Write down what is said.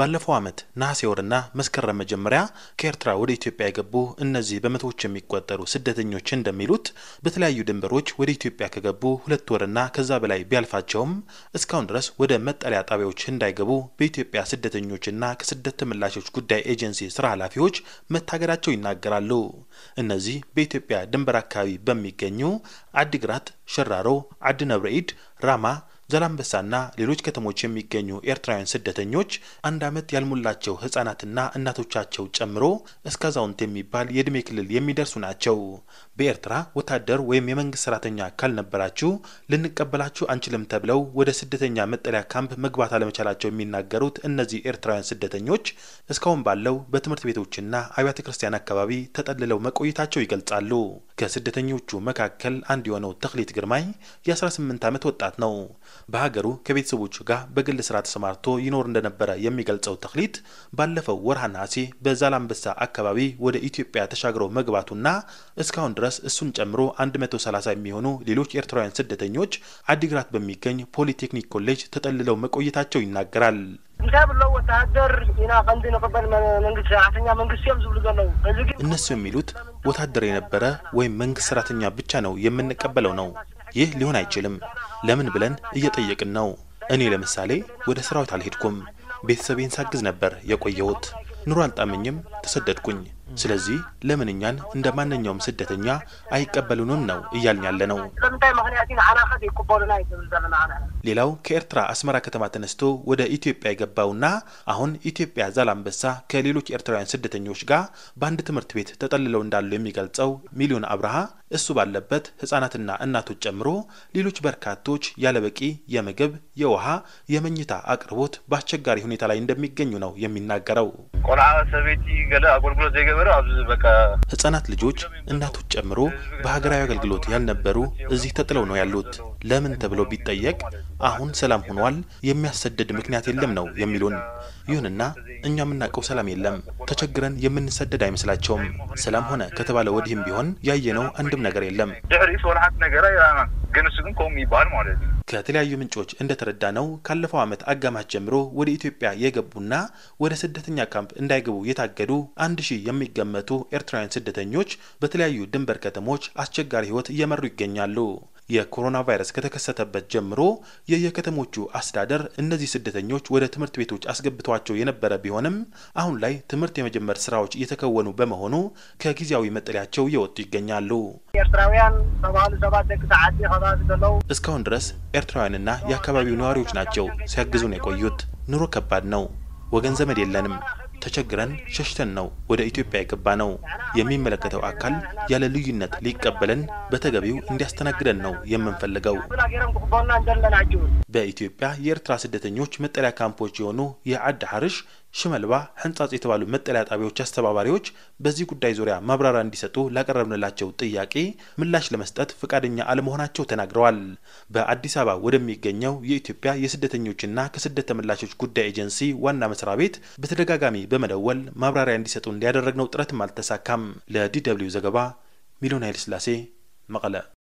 ባለፈው ዓመት ነሐሴ ወርና መስከረም መጀመሪያ ከኤርትራ ወደ ኢትዮጵያ የገቡ እነዚህ በመቶዎች የሚቆጠሩ ስደተኞች እንደሚሉት በተለያዩ ድንበሮች ወደ ኢትዮጵያ ከገቡ ሁለት ወርና ከዛ በላይ ቢያልፋቸውም እስካሁን ድረስ ወደ መጠለያ ጣቢያዎች እንዳይገቡ በኢትዮጵያ ስደተኞችና ከስደት ተመላሾች ጉዳይ ኤጀንሲ ስራ ኃላፊዎች መታገዳቸው ይናገራሉ። እነዚህ በኢትዮጵያ ድንበር አካባቢ በሚገኙ አዲግራት፣ ሸራሮ፣ አድነብረኢድ፣ ራማ ዛላምበሳና ሌሎች ከተሞች የሚገኙ ኤርትራውያን ስደተኞች አንድ ዓመት ያልሞላቸው ህጻናትና እናቶቻቸው ጨምሮ እስከ አዛውንት የሚባል የዕድሜ ክልል የሚደርሱ ናቸው። በኤርትራ ወታደር ወይም የመንግስት ሰራተኛ ካልነበራችሁ ልንቀበላችሁ አንችልም ተብለው ወደ ስደተኛ መጠለያ ካምፕ መግባት አለመቻላቸው የሚናገሩት እነዚህ ኤርትራውያን ስደተኞች እስካሁን ባለው በትምህርት ቤቶችና አብያተ ክርስቲያን አካባቢ ተጠልለው መቆየታቸው ይገልጻሉ። ከስደተኞቹ መካከል አንዱ የሆነው ተክሊት ግርማይ የ18 ዓመት ወጣት ነው። በሀገሩ ከቤተሰቦቹ ጋር በግል ስራ ተሰማርቶ ይኖር እንደነበረ የሚገልጸው ተክሊት ባለፈው ወርሃ ነሐሴ በዛላምበሳ አካባቢ ወደ ኢትዮጵያ ተሻግሮ መግባቱና እስካሁን ድረስ እሱን ጨምሮ 130 የሚሆኑ ሌሎች ኤርትራውያን ስደተኞች አዲግራት በሚገኝ ፖሊቴክኒክ ኮሌጅ ተጠልለው መቆየታቸው ይናገራል። እንዳ ብለው ወታደር እነሱ የሚሉት ወታደር የነበረ ወይም መንግስት ሰራተኛ ብቻ ነው የምንቀበለው ነው። ይህ ሊሆን አይችልም። ለምን ብለን እየጠየቅን ነው። እኔ ለምሳሌ ወደ ሰራዊት አልሄድኩም። ቤተሰቤን ሳግዝ ነበር የቆየሁት። ኑሮ አልጣመኝም፣ ተሰደድኩኝ። ስለዚህ ለምን እኛን እንደ ማንኛውም ስደተኛ አይቀበሉንም ነው እያልን ያለ ነው። ሌላው ከኤርትራ አስመራ ከተማ ተነስቶ ወደ ኢትዮጵያ የገባውና አሁን ኢትዮጵያ ዛላንበሳ ከሌሎች ኤርትራውያን ስደተኞች ጋር በአንድ ትምህርት ቤት ተጠልለው እንዳሉ የሚገልጸው ሚሊዮን አብርሃ እሱ ባለበት ህጻናትና እናቶች ጨምሮ ሌሎች በርካቶች ያለበቂ የምግብ፣ የውሃ፣ የመኝታ አቅርቦት በአስቸጋሪ ሁኔታ ላይ እንደሚገኙ ነው የሚናገረው። ቆልዓ ሰበይቲ ገለ አገልግሎት ዘይገበ ህጻናት ልጆች እናቶች ጨምሮ በሀገራዊ አገልግሎት ያልነበሩ እዚህ ተጥለው ነው ያሉት። ለምን ተብሎ ቢጠየቅ አሁን ሰላም ሆኗል፣ የሚያሰደድ ምክንያት የለም ነው የሚሉን። ይሁንና እኛ የምናውቀው ሰላም የለም፣ ተቸግረን የምንሰደድ አይመስላቸውም። ሰላም ሆነ ከተባለ ወዲህም ቢሆን ያየነው አንድም ነገር የለም። ግን እሱ ግን ቆም ይባል ማለት ነው። ከተለያዩ ምንጮች እንደተረዳ ነው ካለፈው ዓመት አጋማሽ ጀምሮ ወደ ኢትዮጵያ የገቡና ወደ ስደተኛ ካምፕ እንዳይገቡ የታገዱ አንድ ሺህ የሚገመቱ ኤርትራውያን ስደተኞች በተለያዩ ድንበር ከተሞች አስቸጋሪ ህይወት እየመሩ ይገኛሉ። የኮሮና ቫይረስ ከተከሰተበት ጀምሮ የየከተሞቹ አስተዳደር እነዚህ ስደተኞች ወደ ትምህርት ቤቶች አስገብተዋቸው የነበረ ቢሆንም አሁን ላይ ትምህርት የመጀመር ስራዎች እየተከወኑ በመሆኑ ከጊዜያዊ መጠለያቸው እየወጡ ይገኛሉ። እስካሁን ድረስ ኤርትራውያንና የአካባቢው ነዋሪዎች ናቸው ሲያግዙን የቆዩት። ኑሮ ከባድ ነው። ወገን ዘመድ የለንም። ተቸግረን ሸሽተን ነው ወደ ኢትዮጵያ የገባ ነው። የሚመለከተው አካል ያለ ልዩነት ሊቀበለን በተገቢው እንዲያስተናግደን ነው የምንፈልገው። በኢትዮጵያ የኤርትራ ስደተኞች መጠለያ ካምፖች የሆኑ የአድ ሀርሽ ሽመልባ ህንጻጽ የተባሉ መጠለያ ጣቢያዎች አስተባባሪዎች በዚህ ጉዳይ ዙሪያ ማብራሪያ እንዲሰጡ ላቀረብንላቸው ጥያቄ ምላሽ ለመስጠት ፈቃደኛ አለመሆናቸው ተናግረዋል። በአዲስ አበባ ወደሚገኘው የኢትዮጵያ የስደተኞችና ከስደት ተመላሾች ጉዳይ ኤጀንሲ ዋና መስሪያ ቤት በተደጋጋሚ በመደወል ማብራሪያ እንዲሰጡ እንዲያደረግነው ጥረትም አልተሳካም። ለዲ ደብልዩ ዘገባ ሚሊዮን ኃይለስላሴ መቀለ